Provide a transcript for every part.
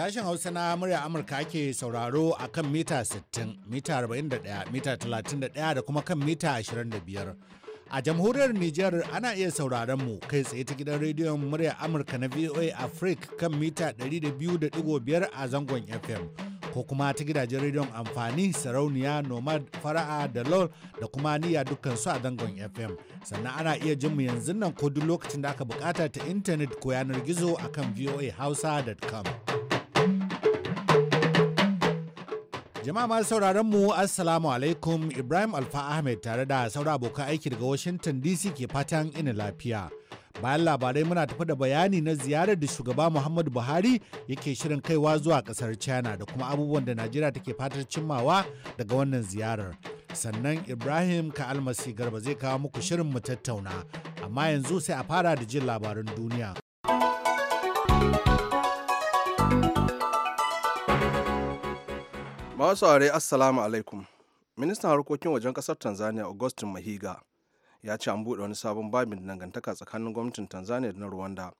Sashen Hausa na murya Amurka ake sauraro a kan mita 60, mita 41, mita 31 da kuma kan mita 25. A jamhuriyar Nijar ana iya sauraron mu kai tsaye ta gidan rediyon murya Amurka na VOA Africa kan mita 200.5 a zangon FM. Ko kuma ta gidajen rediyon amfani sarauniya nomad fara'a da lol da kuma niyya dukkansu a zangon FM. Sannan ana iya jin mu yanzu nan ko duk lokacin da aka bukata ta intanet ko yanar gizo akan voahausa.com. Jama'a masu sauraron mu Assalamu alaikum Ibrahim Alfa Ahmed tare da sauran abokan aiki daga Washington DC ke fatan ina lafiya. Bayan labarai muna tafi da bayani na ziyarar da shugaba Muhammadu Buhari yake shirin kaiwa zuwa kasar China da kuma abubuwan da Najeriya take fatar cimmawa daga wannan ziyarar. Sannan Ibrahim ka almasi Garba zai kawo muku shirin mu tattauna, amma yanzu sai a fara da jin labaran duniya. Masu are Assalamu alaikum. Ministan harkokin wajen kasar Tanzania Augustin Mahiga ya ce an buɗe wani sabon babin dangantaka tsakanin gwamnatin Tanzania da na Rwanda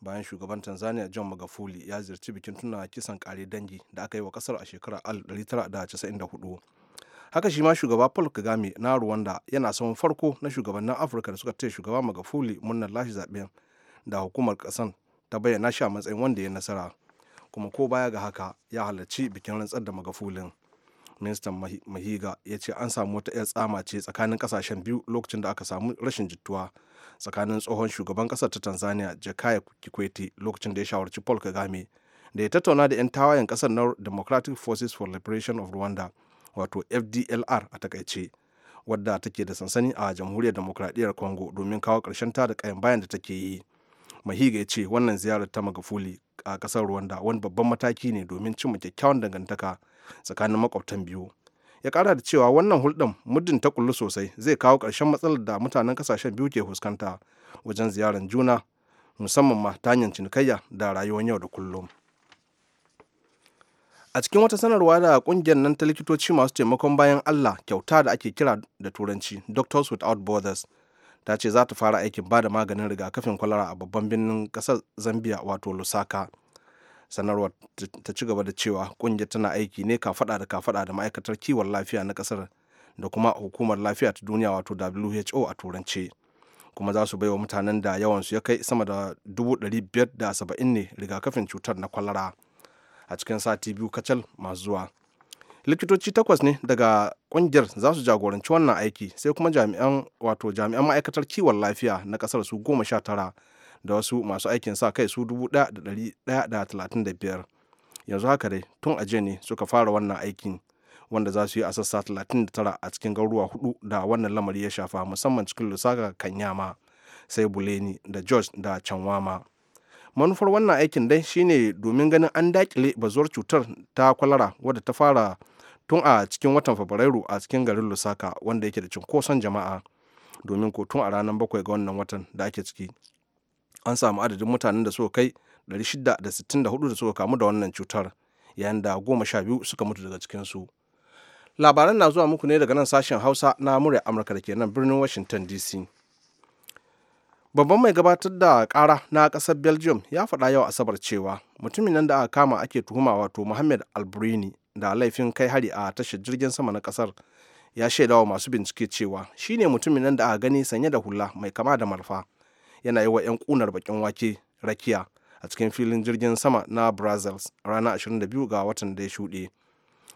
bayan shugaban Tanzania John Magafuli ya ziyarci bikin tuna kisan kare dangi da aka yi wa kasar a shekarar 1994. Haka shi ma shugaba Paul Kagame na Rwanda yana saman farko na shugabannin Afirka da suka taya shugaba Magafuli murnar lashe zaɓen da hukumar kasan ta bayyana shi a matsayin wanda ya nasara. kuma ko baya ga haka ya halarci bikin rantsar da magafulin ministan mahiga ya ce an samu wata 'yar tsama ce tsakanin kasashen biyu lokacin da aka samu rashin jituwa tsakanin tsohon shugaban kasar ta tanzania jakaya kikwete lokacin da ya shawarci paul kagame da ya tattauna da 'yan tawayen kasar na democratic forces for liberation of rwanda wato fdlr a takaice wadda take da sansani a jamhuriyar demokradiyyar congo domin kawo karshen ta da kayan bayan da take yi mahiga ya ce wannan ziyarar ta magafuli a kasar rwanda wani babban mataki ne domin cimma kyakkyawan dangantaka tsakanin makwabtan biyu ya kara da cewa wannan hulɗan muddin ta kullu sosai zai kawo ƙarshen matsalar da mutanen ƙasashen biyu ke fuskanta wajen ziyarar juna musamman ma ta hanyar cinikayya da rayuwar yau da kullum a cikin wata sanarwa da kungiyar nan ta likitoci masu taimakon bayan allah kyauta da ake kira da turanci doctors without borders ta ce za ta fara aikin ba da maganin rigakafin kwalara a babban birnin kasar zambia wato lusaka sanarwar ta ci gaba da cewa kungiyar tana aiki ne kafada da kafada da ma'aikatar kiwon lafiya na kasar da kuma hukumar lafiya ta duniya wato who a turance kuma za su baiwa mutanen da yawansu ya kai sama da dubu biyar da 570 ne rigakafin cutar na kwalara a cikin sati biyu kacal masu zuwa likitoci takwas ne daga kungiyar za su jagoranci wannan aiki sai kuma jami'an wato jami'an ma'aikatar kiwon lafiya na kasar su goma sha tara da wasu masu aikin sa kai su dubu da da talatin da biyar yanzu haka dai tun jiya ne suka fara wannan aikin wanda za su yi a sassa talatin da tara a cikin garuruwa hudu da wannan lamari ya shafa musamman cikin lusaka kanyama sai buleni da george da canwama manufar wannan aikin dai shine domin ganin an dakile bazuwar cutar ta kwalara wadda ta fara tun a cikin watan fabrairu a cikin garin lusaka wanda yake da cinkoson jama'a domin ko tun a ranar bakwai ga wannan watan da ake ciki an samu adadin mutanen da suka kai 664 da suka kamu da wannan cutar yayin da goma sha biyu suka mutu daga cikinsu labaran na zuwa muku ne daga nan sashen hausa na murya amurka da ke nan birnin washington dc babban mai gabatar da kara na kasar belgium ya faɗa yau asabar cewa mutumin nan da aka kama ake tuhuma wato muhammad albrini da laifin kai hari a tashar jirgin sama na kasar ya shaidawa masu bincike cewa shi ne mutumin nan da aka gani sanye da hula mai kama da marfa yana yi wa 'yan kunar bakin wake rakiya a cikin filin jirgin sama na brazils ranar 22 ga watan da ya shuɗe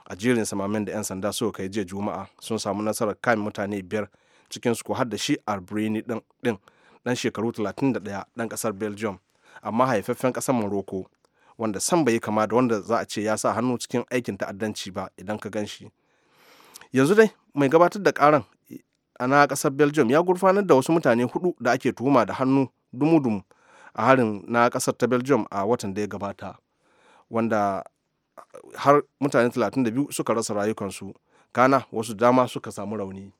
a jerin samamin da 'yan sanda suka kai jiya juma'a sun samu nasarar kame mutane biyar cikin su har da shi albrini din dan shekaru 31 dan kasar belgium amma haifaffen kasar morocco wanda san bai kama da wanda za a ce ya sa hannu cikin aikin ta'addanci ba idan ka gan shi yanzu dai mai gabatar da karan na kasar belgium ya gurfanar da wasu mutane hudu da ake tuhuma da hannu dumu-dumu a harin na kasar ta belgium a watan da ya gabata wanda har mutane 32 suka rasa rayukansu kana wasu dama suka samu rauni.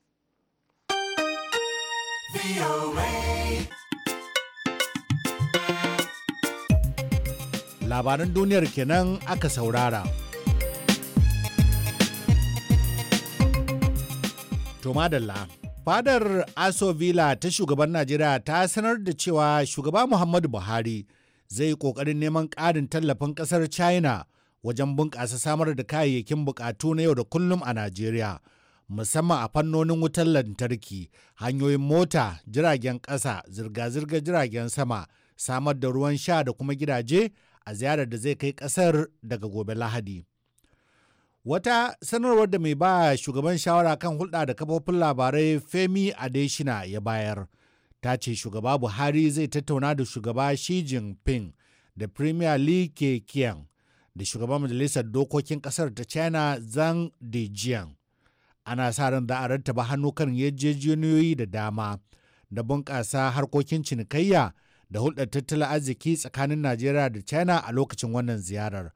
labaran duniyar kenan aka saurara. tomadalla Fadar Aso Villa ta shugaban Najeriya ta sanar da cewa shugaba Muhammadu Buhari zai kokarin neman ƙarin tallafin ƙasar China wajen bunƙasa samar da kayayyakin buƙatu na yau da kullum a Najeriya, musamman a fannonin wutar lantarki, hanyoyin mota, jiragen ƙasa, zirga zirga jiragen sama, samar da ruwan sha da kuma gidaje a ziyarar da zai kai kasar daga gobe lahadi wata sanarwar da mai ba shugaban shawara kan hulɗa da kafofin labarai femi adeshina ya bayar ta ce shugaba buhari zai tattauna da shugaba shi jinping da premier li keqiang da shugaban majalisar dokokin kasar ta china zhang dejiang ana sa ran da a rattaba hannu kan yajejeniyoyi da dama da bunƙasa harkokin cinikayya da hulɗar tattalin arziki tsakanin Najeriya da China a lokacin wannan ziyarar.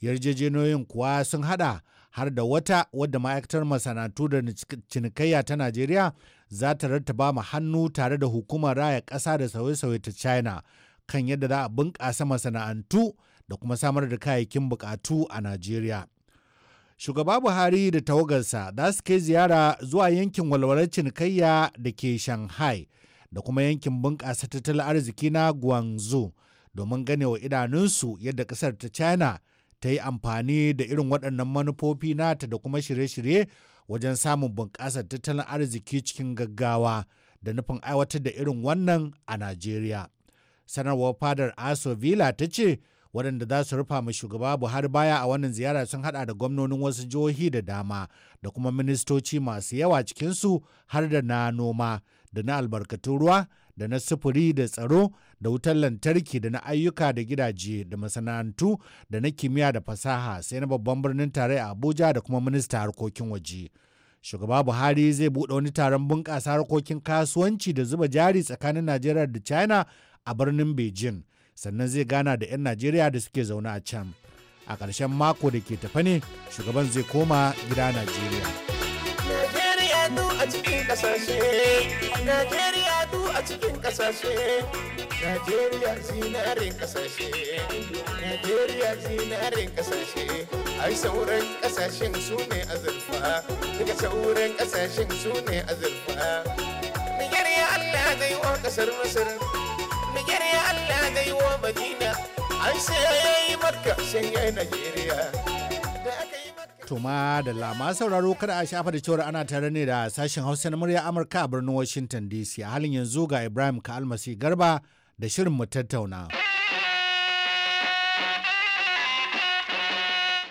Yarjejeniyoyin kuwa sun hada har da wata wadda ma'aikatar masana'antu da cinikayya ta Najeriya za ta rattaba ma hannu tare da hukumar raya ƙasa da sauye-sauye ta China kan yadda za a bunƙasa masana'antu da kuma samar da kayayyakin buƙatu a Najeriya. Shugaba Buhari da tawagarsa za su kai ziyara zuwa yankin walwalar cinikayya da ke Shanghai da kuma yankin bunƙasa tattalin arziki na guangzhou domin gane wa idanunsu yadda ƙasar ta china ta yi amfani da irin waɗannan manufofi nata da kuma shirye-shirye wajen samun bunƙasar tattalin arziki cikin gaggawa da nufin aiwatar da irin wannan a najeriya sanarwar fadar aso villa ta ce waɗanda za su rufa ma shugaba buhari baya a wannan ziyara sun haɗa da gwamnonin wasu jihohi da dama da kuma ministoci masu yawa cikinsu har da na noma da na albarkatun ruwa da na sufuri da tsaro da wutar lantarki da na ayyuka da gidaje da masana'antu da na kimiyya da fasaha sai na babban birnin a abuja da kuma minista harkokin waje shugaba buhari zai buɗe wani taron bunƙasa harkokin kasuwanci da zuba jari tsakanin najeriya da china a birnin beijing sannan zai gana da 'yan najeriya da suke zaune a can a ƙarshen mako da ke tafa ne shugaban zai koma gida najeriya kasashe Najeriya du a cikin kasashe Najeriya zinarin kasashe Najeriya zinarin kasashe ai sauran kasashen su ne azurfa daga sauran kasashen su ne azurfa Niger ya Allah zai wa kasar Masar Niger ya Allah zai wa Madina ai sai yayi Makka sai yi Najeriya tuma ma da lama sauraro kada a shafa da cewar ana tare ne da sashen Hausa na murya Amurka a birnin Washington DC a halin yanzu ga Ibrahim ka almasi Garba da shirin mu tattauna.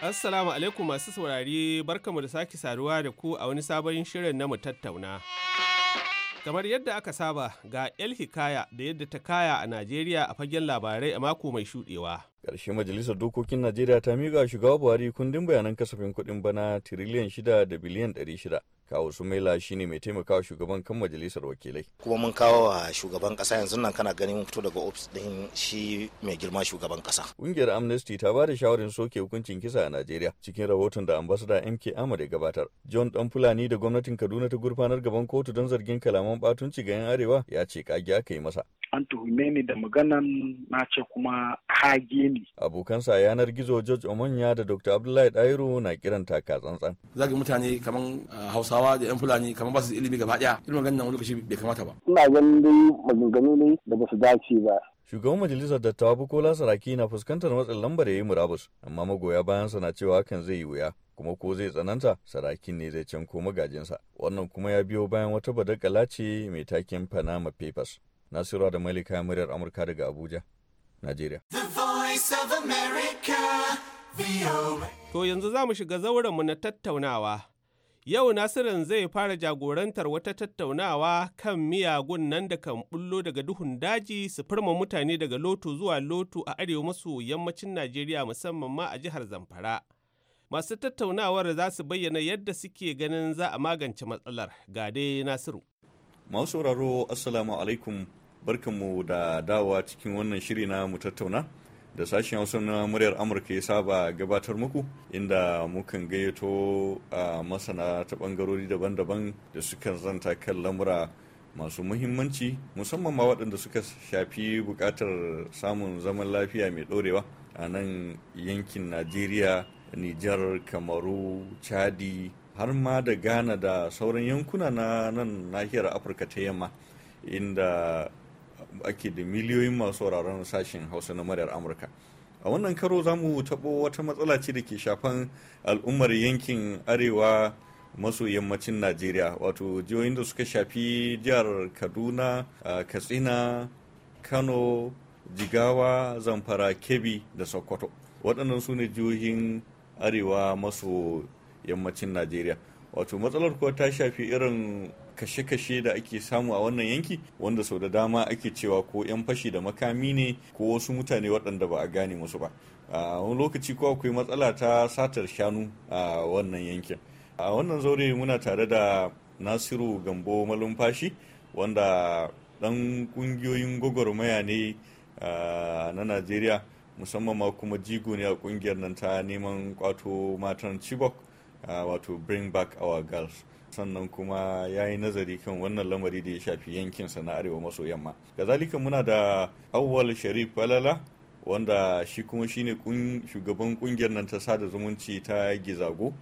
Assalamu alaikum masu saurari barkamu da sake saduwa da ku a wani sabon shirin na mu tattauna. Kamar yadda aka saba ga El Hikaya da yadda ta kaya a Najeriya a fagen labarai a mako mai shudewa. karshe Majalisar Dokokin Najeriya ta miƙa shugaba Buhari kundin bayanan kasafin kuɗin bana tiriliyan shida da biliyan ɗari shida kawo shi ne mai taimakawa shugaban kan majalisar wakilai kuma mun kawo wa shugaban kasa yanzu nan kana ganin mun fito daga ofis din shi mai girma shugaban kasa ƙungiyar amnesty ta ba da shawarin soke hukuncin kisa a najeriya cikin rahoton da ambasada mk ahmad ya gabatar john dan fulani da gwamnatin kaduna ta gurfanar gaban kotu don zargin kalaman batunci ga yan arewa ya ce kage aka yi masa an tuhume ni da maganan na ce kuma hage ni. Abokansa yanar gizo George Omonya da Dr. Abdullahi Dairo na kiran taka tsantsan. Zagi mutane kamar Hausawa da 'yan Fulani kamar ba su ilimi gaba ɗaya. Ilimin ganin wani lokaci bai kamata ba. Ina ganin dai maganganu ne da ba su dace ba. Shugaban majalisar dattawa Bukola Saraki na fuskantar matsin lambar ya yi murabus, amma magoya bayansa na cewa hakan zai yi wuya. kuma ko zai tsananta saraki ne zai can ko magajinsa wannan kuma ya biyo bayan wata badakala ce mai takin panama papers Nasiru da Malika muryar Amurka daga Abuja, Najeriya. To yanzu za mu shiga zaurenmu na tattaunawa. Yau Nasirin zai fara jagorantar wata tattaunawa kan miyagun nan da kan bullo daga duhun daji su firma mutane daga loto zuwa loto a arewa maso yammacin Najeriya musamman ma a jihar Zamfara. Masu tattaunawar za su bayyana yadda suke ganin za a magance matsalar ga dai Nasiru. Masu sauraro Assalamu alaikum barkanmu da dawa cikin wannan shiri na mu tattauna da sashen hausa na muryar amurka ya saba gabatar muku inda mukan gayyato a masana ta bangarori daban-daban da suka zanta kan lamura masu muhimmanci musamman ma waɗanda suka shafi buƙatar samun zaman lafiya mai ɗorewa a nan yankin najeriya nijar kamaru chadi har ma da ghana da sauran yankuna na nan nahiyar afirka ta yamma inda ake da miliyoyin masu sauraron sashen hausa na muryar amurka a wannan karo za mu taɓo wata matsala ce da ke shafan al'ummar yankin arewa maso yammacin najeriya wato jihohin da suka shafi jihar kaduna katsina kano jigawa zamfara kebbi da sokoto waɗannan su ne jihohin arewa maso yammacin najeriya wato matsalar kuwa ta shafi irin kashe-kashe da ake samu a wannan yanki wanda sau da dama ake cewa ko 'yan fashi da makami ne ko wasu mutane waɗanda ba a gane musu ba a wani lokaci ko akwai matsala ta satar shanu a wannan yankin a wannan zaure muna tare da nasiru gambo malumfashi wanda ɗan ƙungiyoyin gwagwarmaya ne na najeriya musamman ma kuma jigo ne a ƙungiyar nan ta neman kwato matan chibok wato bring back our girls sannan kuma ya yi nazari kan wannan lamari da ya shafi yankinsa na arewa maso yamma kazalika muna da awwal sharif falala wanda shi kuma shine shugaban kungiyar nan ta sada zumunci ta gizago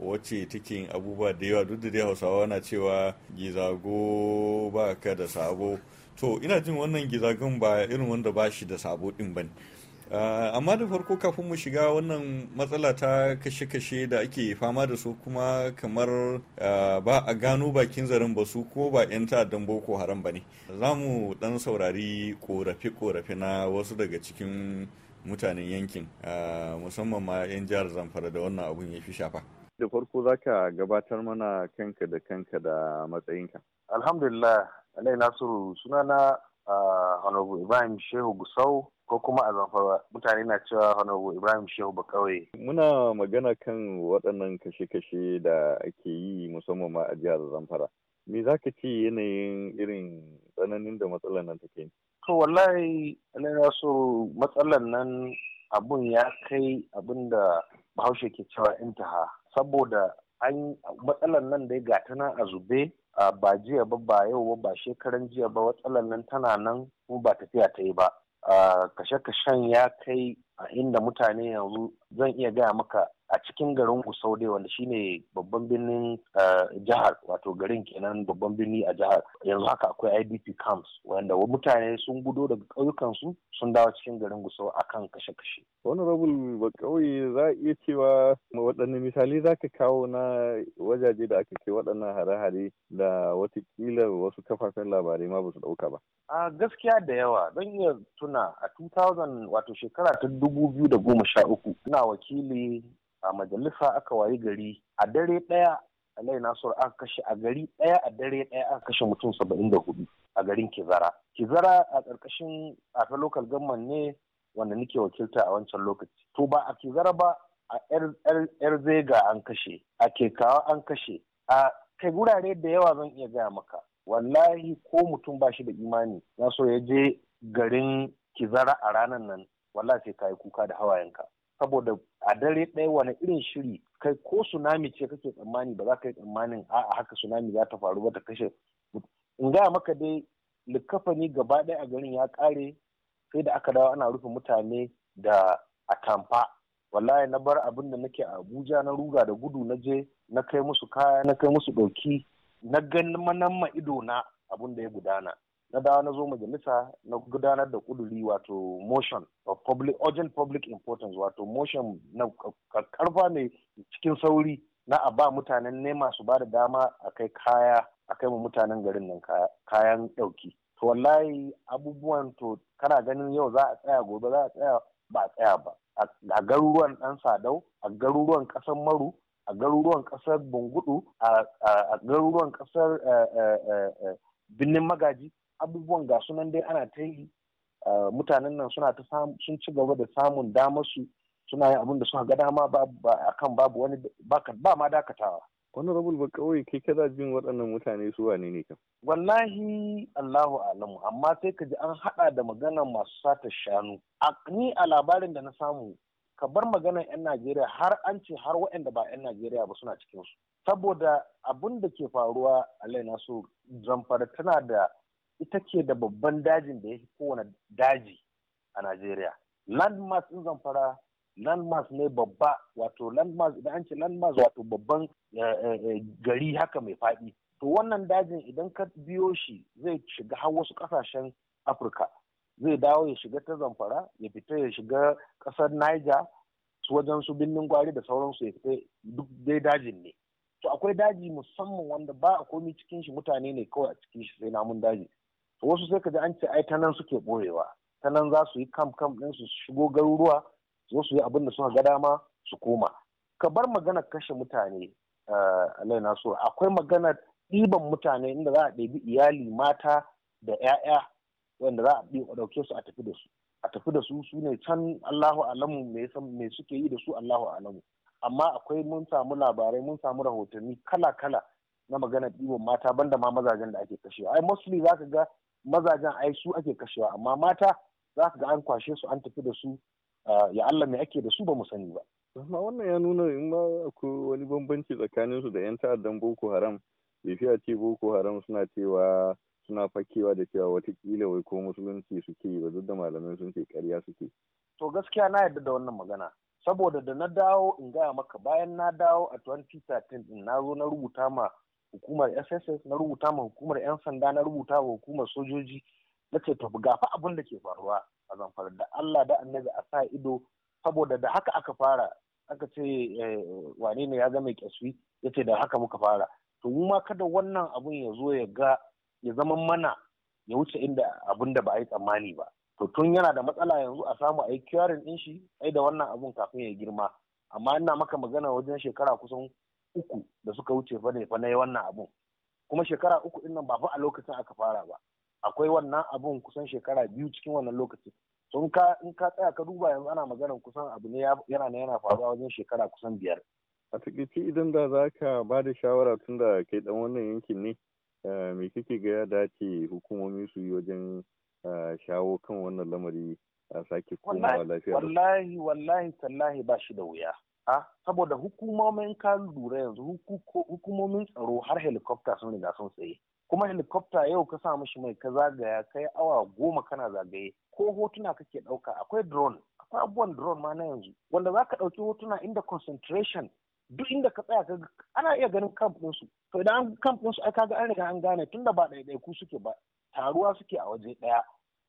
wacce take abubuwa da yawa duk da dai hausawa na cewa gizago baka da sabo to ina jin wannan gizagon ba irin wanda ba shi da sabo din bane Ah, amma da farko kafin mu shiga wannan matsala ta kashe-kashe da ake fama da su kuma kamar ah, ba a gano bakin zarin ba su ko ba 'yan ta'addan boko haram ba ne za mu dan saurari korafe-korafe na wasu daga cikin mutanen yankin ah, musamman ma 'yan jihar zamfara da wannan abun ya fi shafa da farko za ka gabatar mana kanka da kanka da matsayinka alhamdulillah alai nasiru sunana honorable ibrahim shehu gusau ko kuma a zamfara mutane na cewa honorable ibrahim shehu ba kawai. muna magana kan waɗannan kashe-kashe da ake yi musamman ma a jihar zamfara me za ka ce yanayin irin tsananin da matsalar nan take to wallahi na so matsalar nan abun ya kai abun da bahaushe ke cewa intaha saboda an matsalar nan dai ga tana a zube ba jiya ba ba yau ba ba shekaran jiya ba matsalar nan tana nan kuma ba tafiya ta yi ba kashe-kashen ya kai a inda mutane yanzu zan iya gaya maka a cikin garin Usaude wanda shine babban birnin eh, jihar wato garin kenan babban birni a jihar yanzu haka akwai IDP camps wanda mutane sun gudo daga su sun dawo cikin garin Gusau akan kashe-kashe. Wani rabin ba ƙauye za a iya cewa waɗanne misali za ka kawo na wajaje da aka kai waɗannan hare-hare da watakila wasu kafafen labarai ma ba su ɗauka ba. A gaskiya da yawa don iya tuna a 2000 wato shekara ta dubu biyu da goma sha uku, ina wakili a majalisa aka wayi gari a dare ɗaya alai nasiru aka kashe a gari ɗaya a dare ɗaya aka kashe mutum saba'in da hudu a garin kizara kizara a ƙarƙashin afe local government ne wanda nake wakilta a wancan lokaci to ba a kizara ba a yar zega an kashe a kekawa an kashe a kai wurare da yawa zan iya gaya maka wallahi ko mutum ba shi da imani na so ya je garin kizara a ranar nan wallahi sai ka yi kuka da hawayenka saboda a dare ɗaya wani irin shiri kai ko tsunami ce kake tsammani ba za ka yi tsammanin a'a haka tsunami za ta faru ba ta kashe in gaya maka dai likafani gaba ɗaya a garin ya ƙare sai da aka dawo ana rufe mutane da atamfa wallahi na bar abin da nake a abuja na ruga da gudu na je na kai musu kaya na kai musu ɗauki na ganin manan ma ido na abin da ya gudana na dawo na zo majalisa na gudanar da kuduri wato motion of public urgent public importance wato motion na karfa mai cikin sauri na a ba mutanen nema su ba da dama a kai kaya a kai ma mutanen garin nan kayan ɗauki. To wallahi abubuwan to kana ganin yau za a tsaya gobe za a tsaya ba a tsaya ba. A garuruwan ɗan sadau, a garuruwan ƙasar maru, a garuruwan ƙasar bungudu, a garuruwan ƙasar eh, eh, eh, birnin magaji, abubuwan ga sunan dai ana ta yi ah, mutanen nan suna ta sun ci gaba da samun damar su suna yin abin da suka ga dama ba kan babu wani ba ma dakatawa wani rabul ba kawai kai kada jin waɗannan mutane su wane ne kan wallahi allahu alamu amma sai ka ji an haɗa da magana masu sata shanu a ni a labarin da na samu ka bar maganar 'yan najeriya har an ce har waɗanda ba 'yan najeriya ba suna cikin su saboda abin da ke faruwa a laina su zamfara tana da ita ce da babban dajin da ya fi kowane daji a Najeriya. Landmass in zamfara landmass ne babba wato landmass idan an ce landmass wato babban eh, eh, eh, gari haka mai faɗi. To wannan dajin idan ka biyo shi zai shiga har wasu ƙasashen Afirka. Zai dawo ya shiga ta zamfara ya fita ya shiga ƙasar Niger su wajen su birnin gwari da sauransu ya fita duk dai dajin ne. To akwai daji musamman wanda ba a komi cikin shi mutane ne kawai a cikin shi sai namun daji. wasu sai ka ji an ce ai ta nan suke ɓoyewa. ta nan za su yi kam kam ɗin su shigo garuruwa zo su yi abin da suka ga dama su koma ka bar magana kashe mutane eh, alai akwai magana ɗiban mutane inda za a ɗebi iyali mata da 'ya'ya wanda za a ɗauke su a tafi da su a tafi da su su ne can Allahu alamu me suke yi da su Allahu alamu amma akwai mun samu labarai mun samu rahotanni kala kala na magana ɗiban mata banda ma mazajen da ake kashewa ai mostly za ka ga mazajen ai su ake kashewa amma mata za ka ga an kwashe su an tafi da su ah, ya Allah me ake da su ba mu sani ba amma wannan ya nuna in ma akwai wani bambanci tsakanin su da yan ta'addan Boko Haram bai fiya ce Boko Haram suna cewa suna fakewa da cewa watakila wai ko musulunci suke ba duk da malamai sun ce ƙarya suke to gaskiya na yarda da wannan magana saboda da na dawo in gaya maka bayan na dawo a 2013 din na zo na rubuta ma hukumar sss na rubuta ma hukumar 'yan sanda na rubuta ma hukumar sojoji na ce to ga fa abin da ke faruwa a zamfara da allah da annabi a sa ido saboda da haka aka fara aka ce eh, wane ne ya zama kyaswi ya ce da haka muka fara to mu ma kada wannan abun ya zo ya ga ya zama mana ya wuce inda abin da ba a yi tsammani ba to tun yana da matsala yanzu a samu a yi curing din shi ai da wannan abin kafin ya girma amma ina maka magana wajen shekara kusan uku da suka wuce fa ne fa na yi wannan abun kuma shekara uku din nan ba fa a lokacin aka fara ba akwai wannan abun kusan shekara biyu cikin wannan lokacin so in ka tsaya ka duba yanzu ana maganar kusan abu ne yana na yana faruwa wajen shekara kusan biyar a takaice idan da za ka ba da shawara tun da kai dan wannan yankin ne eh, me kake ga ya dace hukumomi su yi wajen eh, shawo kan wannan lamari a sake komawa lafiya wallahi wallahi tallahi ba shi da wuya a saboda hukumomin ka lura yanzu hukumomin tsaro har helikopta sun riga sun tsaye kuma helikopta yau ka sa mishi mai ka zagaya kai awa goma kana zagaye ko hotuna kake ɗauka akwai drone akwai abubuwan drone ma na yanzu wanda za ka ɗauki hotuna inda concentration duk inda ka tsaya kaga ana iya ganin camp ɗinsu to idan camp ɗinsu ai kaga an riga an gane tunda ba ɗaiɗaiku suke ba taruwa suke a waje ɗaya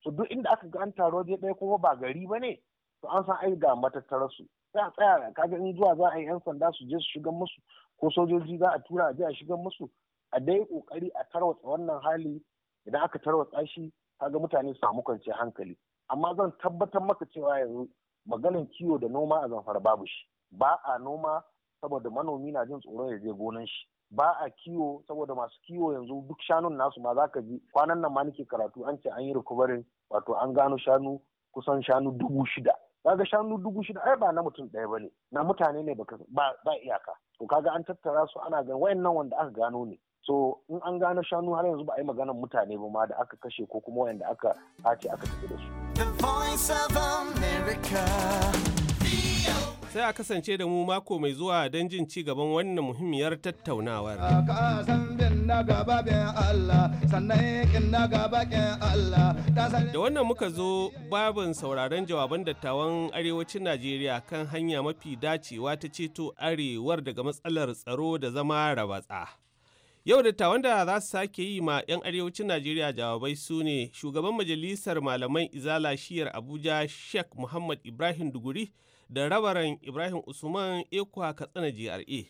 to duk inda aka ga an taru waje ɗaya kuma ba gari ba ne to an san ai ga matattararsu za tsaya tsaya kaga in zuwa za a yi yan sanda su je su shigan musu ko sojoji za a tura a je a shigan musu a dai kokari a tarwatsa wannan hali idan aka tarwatsa shi kaga mutane su samu kwanciyar hankali amma zan tabbatar maka cewa yanzu maganin kiwo da noma a zamfara babu shi ba a noma saboda manomi na jin tsoron ya je gonan shi ba a kiwo saboda masu kiwo yanzu duk shanun nasu ma zaka ji kwanan nan ma nake karatu an ce an yi recovery wato an gano shanu kusan shanu dubu shida kaga shanu dubu shida ai ba na mutum ɗaya bane na mutane ne ba iyaka to kaga an tattara su ana gan wayannan wanda aka gano ne so in an gano shanu har yanzu ba a yi maganar mutane ba ma da aka kashe ko kuma wayanda aka ace aka tafi da su The Voice of America. sai a kasance da mu mako mai zuwa don jin ci gaban wannan muhimmiyar tattaunawar. Da wannan muka zo babin sauraron jawaban dattawan arewacin Najeriya kan hanya mafi dacewa ta ceto arewar daga matsalar tsaro da zama rabatsa. Yau dattawan da za su sake yi ma 'yan arewacin Najeriya jawabai su ne shugaban majalisar malaman izala shiyar Abuja Sheikh Muhammad Ibrahim Duguri. da rabaran Ibrahim Usman Ekwa Katsina GRA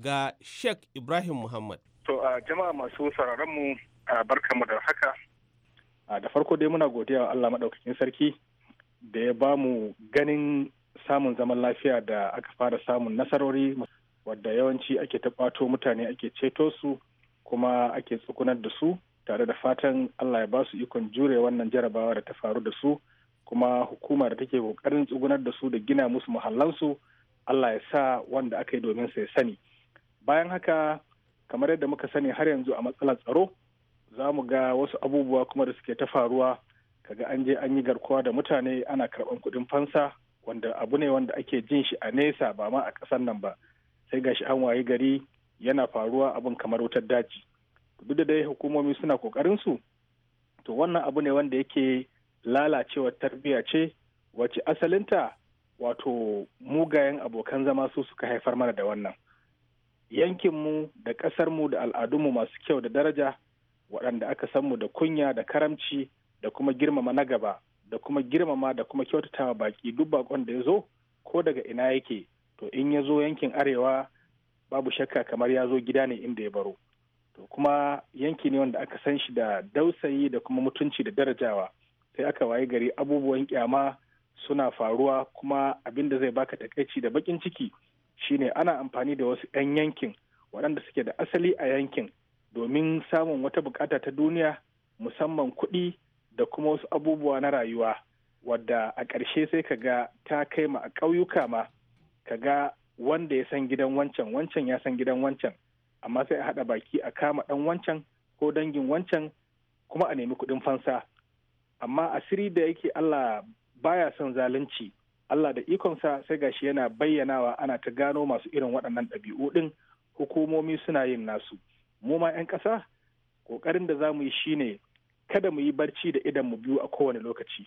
ga Sheikh Ibrahim Muhammad. To a jama'a masu sauraronmu a mu da haka. Da farko dai muna godiya wa Allah maɗaukakin sarki da ya ba mu ganin samun zaman lafiya da aka fara samun nasarori wadda yawanci ake taɓato mutane ake ceto su kuma ake tsukunar da su tare da fatan Allah ya ba su ikon jure wannan jarabawa da ta faru da su kuma hukumar da take kokarin tsugunar da su da gina musu muhallansu Allah ya sa wanda aka yi domin sai sani bayan haka kamar yadda muka sani har yanzu a matsalar tsaro za mu ga wasu abubuwa kuma da suke ta faruwa kaga an je an yi garkuwa da mutane ana karɓar kuɗin fansa wanda abu ne wanda ake jin shi a nesa ba ma a ƙasar nan ba sai gashi an wayi gari yana faruwa abin kamar wutar daji duk da dai hukumomi suna kokarin su to wannan abu ne wanda yake lalacewar tarbiyya ce wacce asalinta wato mugayen abokan zama su suka haifar mana da wannan yankinmu da ƙasarmu da al'adunmu masu kyau da daraja waɗanda aka san mu da kunya da karamci da kuma girmama na gaba da kuma girmama da kuma kyautatawa baki duk bakon da ya zo ko daga ina yake to in ya zo yankin arewa babu shakka kamar ya zo gida ne inda ya baro to kuma yanki ne wanda aka san shi da dausayi da kuma mutunci da darajawa sai aka waye gari abubuwan kyama suna faruwa kuma abin da zai baka takaici da bakin ciki shine ana amfani da wasu 'yan yankin waɗanda suke da asali a yankin domin samun wata bukata ta duniya musamman kuɗi da kuma wasu abubuwa na rayuwa wadda a ƙarshe sai ka ga ta kai ma a ƙauyuka ma ka ga wanda ya san gidan wancan wancan ya san gidan wancan amma sai a haɗa baki a kama ɗan wancan ko dangin wancan kuma a nemi kuɗin fansa amma asiri da yake Allah baya son zalunci Allah da ikonsa sai gashi yana bayyanawa ana ta gano masu irin waɗannan ɗabi'u ɗin hukumomi suna yin nasu mu ma 'yan ƙasa ƙoƙarin da za mu yi shine kada mu yi barci da idan mu biyu a kowane lokaci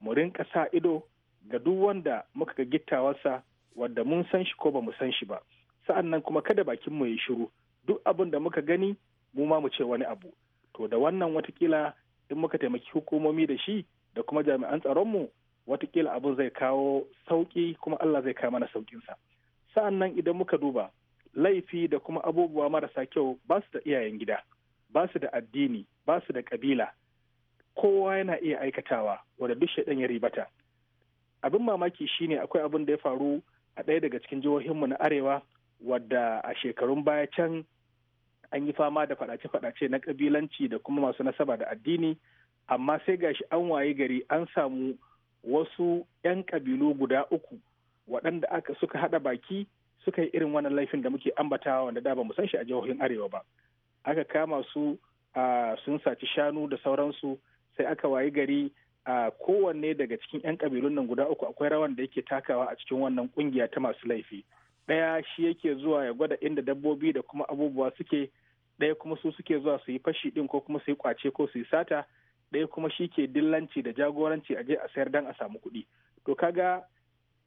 mu rinƙa sa ido ga duk wanda muka ga gittawarsa wanda mun san shi ko ba mu san shi ba sa'an nan kuma kada bakin mu yi shiru duk abin da muka gani mu ma mu ce wani abu to da wannan watakila in muka taimaki hukumomi da shi da kuma jami'an tsaronmu watakila abin zai kawo sauƙi kuma Allah zai kawo mana sauƙinsa. Sa'an nan idan muka duba laifi da kuma abubuwa marasa kyau ba su da iyayen gida, ba su da addini, ba su da ƙabila. Kowa yana iya aikatawa wanda duk shaɗan ya ribata. Abin mamaki shine akwai abin da ya faru a ɗaya daga cikin jihohinmu na Arewa wadda a shekarun baya can an yi fama da fadace-fadace na kabilanci da kuma masu nasaba da addini amma sai gashi an waye gari an samu wasu 'yan kabilu guda uku waɗanda aka suka haɗa baki suka yi irin wannan laifin da muke ambatawa wanda da ba mu san shi a jihohin arewa ba aka kama su sun saci shanu da sauransu sai aka wayi gari a kowanne daga cikin 'yan ƙabilun nan guda uku akwai rawan da yake takawa a cikin wannan kungiya ta masu laifi ɗaya shi yake zuwa ya gwada inda dabbobi da kuma abubuwa suke ɗaya kuma su suke zuwa su yi fashi ɗin ko kuma su yi kwace ko su yi sata ɗaya kuma shi ke dillanci da jagoranci a je a sayar dan a samu kuɗi to kaga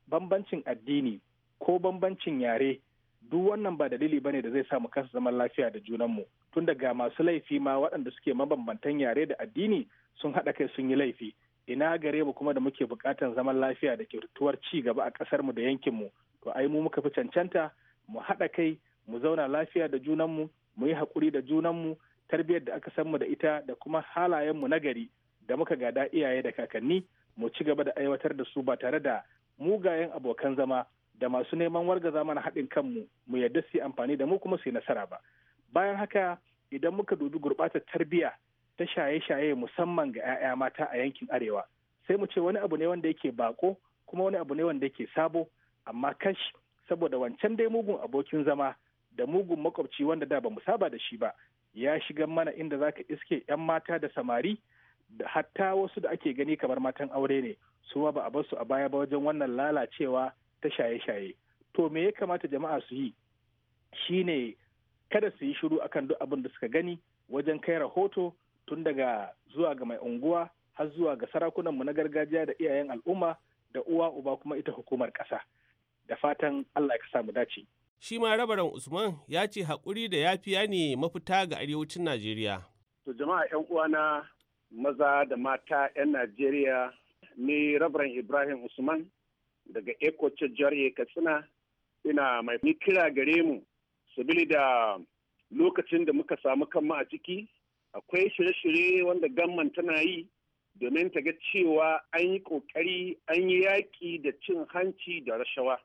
bambancin addini ko bambancin yare duk wannan ba dalili bane da zai sa mu kasa zaman lafiya da junanmu tun daga masu laifi ma waɗanda suke mabambantan yare da addini sun haɗa kai sun yi laifi ina gare mu kuma da muke buƙatan zaman lafiya da kyautuwar ci gaba a ƙasar mu da yankin mu to ai mu muka fi cancanta mu haɗa kai mu zauna lafiya da junanmu mu yi haƙuri da junanmu tarbiyyar da aka san mu da ita da kuma halayenmu na gari da muka gada iyaye da kakanni mu ci gaba da aiwatar da su ba tare da mugayen abokan zama da masu neman wargaza mana haɗin kanmu mu yadda su yi amfani da mu kuma su yi nasara ba bayan haka idan muka dubi gurɓatar tarbiyya ta shaye-shaye musamman ga 'ya'ya mata a yankin arewa sai mu ce wani abu ne wanda yake bako kuma wani abu ne wanda yake sabo amma kash saboda wancan dai mugun abokin zama da mugun makwabci wanda da ba mu saba da shi ba ya shiga mana inda zaka iske 'yan mata da samari da hatta wasu da ake gani kamar matan aure ne su ba a bar a baya ba wajen wannan lalacewa ta shaye-shaye to me ya kamata jama'a su yi shine kada su yi shiru akan duk abin da suka gani wajen kai rahoto tun daga zuwa ga mai unguwa har zuwa ga sarakunanmu na gargajiya da iyayen al'umma da uwa uba kuma ita hukumar ƙasa da fatan allah ya ka samu dace Shi ma rabaran Usman ya ce haƙuri da yafiya ne mafita ga arewacin Najeriya. To jama'a 'yan uwana maza da mata 'yan Najeriya ni rabaran Ibrahim Usman daga Eko Jarye Katsina ina mai ni kira gare mu sabili da lokacin da muka samu kanmu a ciki akwai shirye-shirye wanda gamman tana yi domin ta ga cewa an yi ƙoƙari an yi yaƙi da cin hanci da rashawa.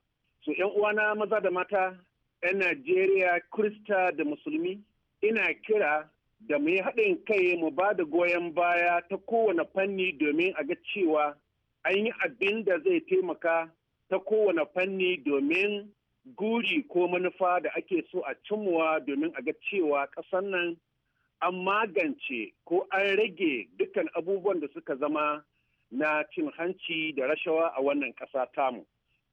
So ‘yan uwana maza da mata, ‘yan Najeriya, Krista da Musulmi, ina kira da mu yi haɗin kai mu ba da goyon baya ta kowane fanni domin a ga cewa an yi abin da zai taimaka ta kowane fanni domin guri ko manufa da ake so a cimuwa domin a ga cewa ƙasar nan an magance ko an rage dukkan abubuwan da suka zama na cin hanci da rashawa a wannan ƙasa tamu.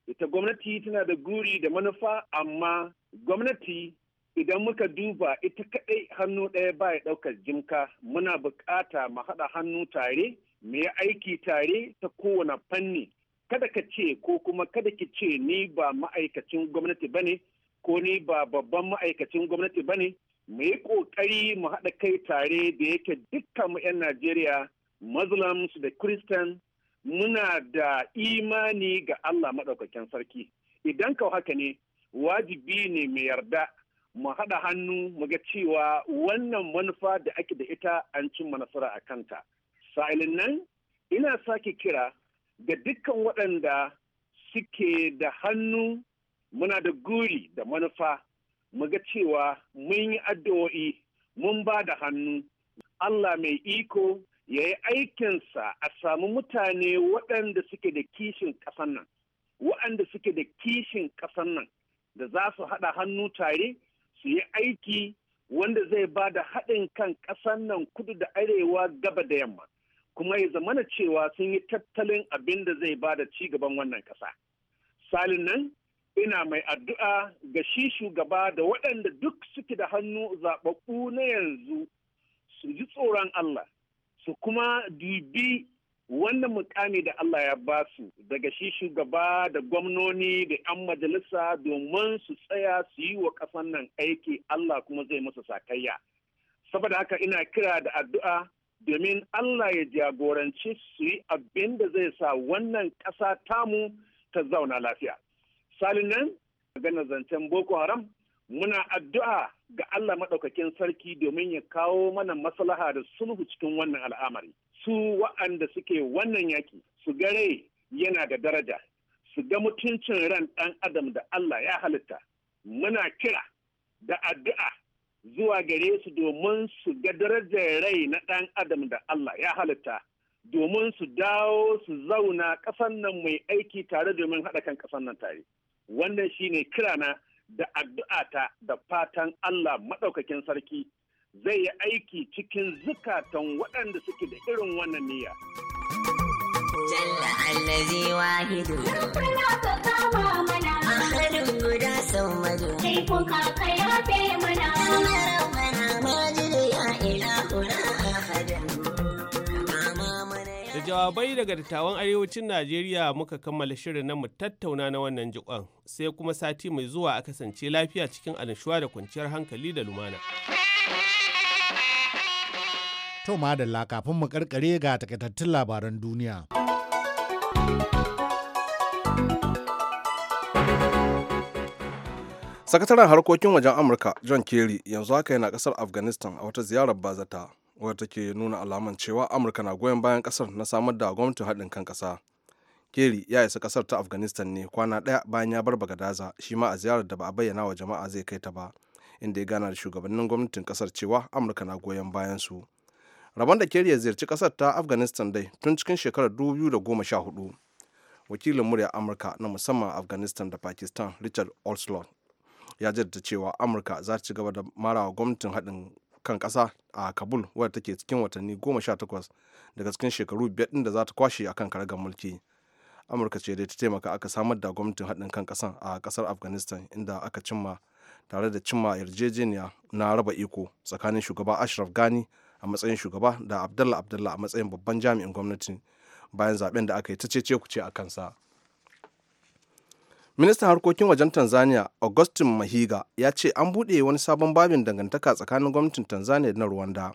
ita gwamnati tana da guri da manufa amma gwamnati idan muka duba ita kaɗai hannu ɗaya ba ya ɗaukar jimka muna buƙata mu haɗa hannu tare mu yi aiki tare ta kowane fanni kada ka ce ko kuma kada ki ce ni ba ma'aikacin gwamnati bane ko ni ba babban ma'aikacin gwamnati bane mu yi ƙoƙari mu haɗa kai tare da yake dukkan mu 'yan Najeriya Muslims da Christian muna da imani ga Allah maɗaukakin sarki idan kau haka ne wajibi ne mai yarda mu haɗa hannu mu ga cewa wannan manufa da ake da ita an cimma nasara a kanta sa'ilin nan ina sake kira ga dukkan waɗanda suke da hannu muna da guri da manufa mu ga cewa mun yi addu'o'i mun ba da hannu Allah mai iko ya yi aikinsa a samu mutane waɗanda suke da kishin ƙasan nan waɗanda suke da kishin ƙasan nan da za su haɗa hannu tare su yi aiki wanda zai ba da haɗin kan ƙasan nan kudu da arewa gaba da yamma kuma ya zamana cewa sun yi tattalin abin da zai ba da ci gaban wannan ƙasa salin nan ina mai addu'a ga shi shugaba da waɗanda duk suke da hannu zaɓaɓɓu na yanzu su ji tsoron Allah su kuma dubi wannan mukami da Allah ya ba su daga shi shugaba da gwamnoni da 'yan majalisa domin su tsaya su yi wa ƙasan nan aiki Allah kuma zai masa sakayya. Saboda haka ina kira da addu'a domin Allah ya jagoranci su yi abin da zai sa wannan ƙasa tamu ta zauna lafiya. Salinan, ga zancen Boko Haram, muna addu'a ga Allah maɗaukakin sarki domin ya kawo mana maslaha da sulhu cikin wannan al'amari. Su wa'anda suke wannan yaki su gare yana da daraja, su ga mutuncin ran ɗan adam da Allah ya halitta. Muna kira da addu'a zuwa gare su domin su ga darajar rai na ɗan adam da Allah ya halitta. Domin su dawo su zauna ƙasan nan mai aiki tare domin haɗa kan ƙasan nan tare. Wannan shine kirana da addu'ata da fatan Allah maɗaukakin sarki zai yi aiki cikin zukatan waɗanda suke da irin wannan niyya. Jalla allazi wahidu. Rabbana mana. guda Sai kuka mana. jawabai daga dattawan arewacin Najeriya muka kammala shirin na mu tattauna na wannan jikon sai kuma sati mai zuwa a kasance lafiya cikin annashuwa da kwanciyar hankali da lumana. To madalla kafin mu karkare ga takaitattun labaran duniya. Sakataren harkokin wajen Amurka John Kerry yanzu haka yana kasar Afghanistan a wata ziyarar bazata wadda take nuna alaman cewa amurka na goyon bayan kasar na samar da gwamnatin haɗin kan ƙasa keri ya isa kasar ta afghanistan ne kwana ɗaya bayan ya bar bagadaza shi ma a ziyarar da ba a bayyana wa jama'a zai kai ta ba inda ya gana da shugabannin gwamnatin kasar cewa amurka na goyon bayan su rabon da keri ya ziyarci kasar ta afghanistan dai tun cikin shekarar da goma sha hudu wakilin murya amurka na musamman afghanistan da pakistan richard olslot ya jaddada cewa amurka za ta ci gaba da marawa gwamnatin haɗin kan kasa a kabul wadda take cikin watanni goma sha takwas daga cikin shekaru biyar ɗin da za ta kwashe a kan karagar mulki amurka ce da ta taimaka aka samar da gwamnatin haɗin kan ƙasan a kasar afghanistan inda aka cimma tare da cimma yarjejeniya na raba iko tsakanin shugaba ashraf gani a matsayin shugaba da abdallah abdallah a matsayin babban jami'in gwamnati bayan zaben da aka yi ta cece kuce a kansa ministan harkokin wajen tanzania augustin mahiga ya ce an buɗe wani sabon babin dangantaka tsakanin gwamnatin tanzania da na rwanda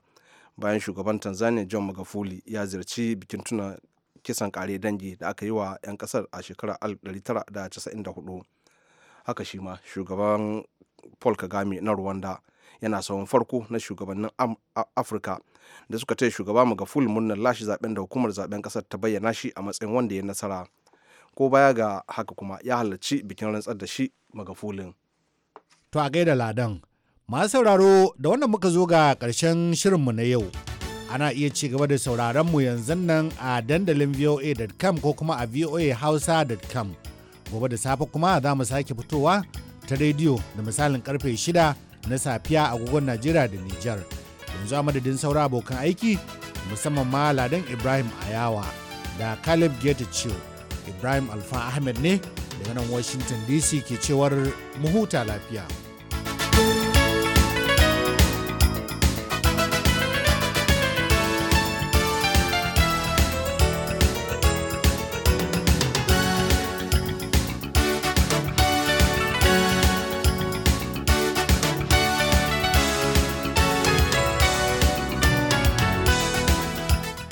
bayan shugaban tanzania john magafuli ya ziyarci bikin tuna kisan kare dangi da aka yi wa 'yan kasar a shekarar 1994 haka shi ma shugaban paul kagame na rwanda yana sauran farko na shugabannin afirka da suka taya shugaba magafuli murnar lashe zaben da hukumar zaben kasar ta bayyana shi a matsayin wanda ya nasara ko baya ga haka kuma ya halarci bikin rantsar da shi magafulin. To a gaida ladan, masu sauraro da wannan muka zo ga ƙarshen shirinmu na yau. Ana iya ci gaba da sauraronmu yanzu nan a dandalin voa.com ko kuma a voahausa.com. Gobe da safe kuma za mu sake fitowa ta rediyo da misalin karfe shida na safiya a agogon Najeriya da Nijar. Yanzu a madadin saura abokan aiki musamman ma Ladan Ibrahim Ayawa da Caleb Geta chill. Ibrahim Alfa Ahmed ne daga nan Washington DC ke cewar mu huta lafiya.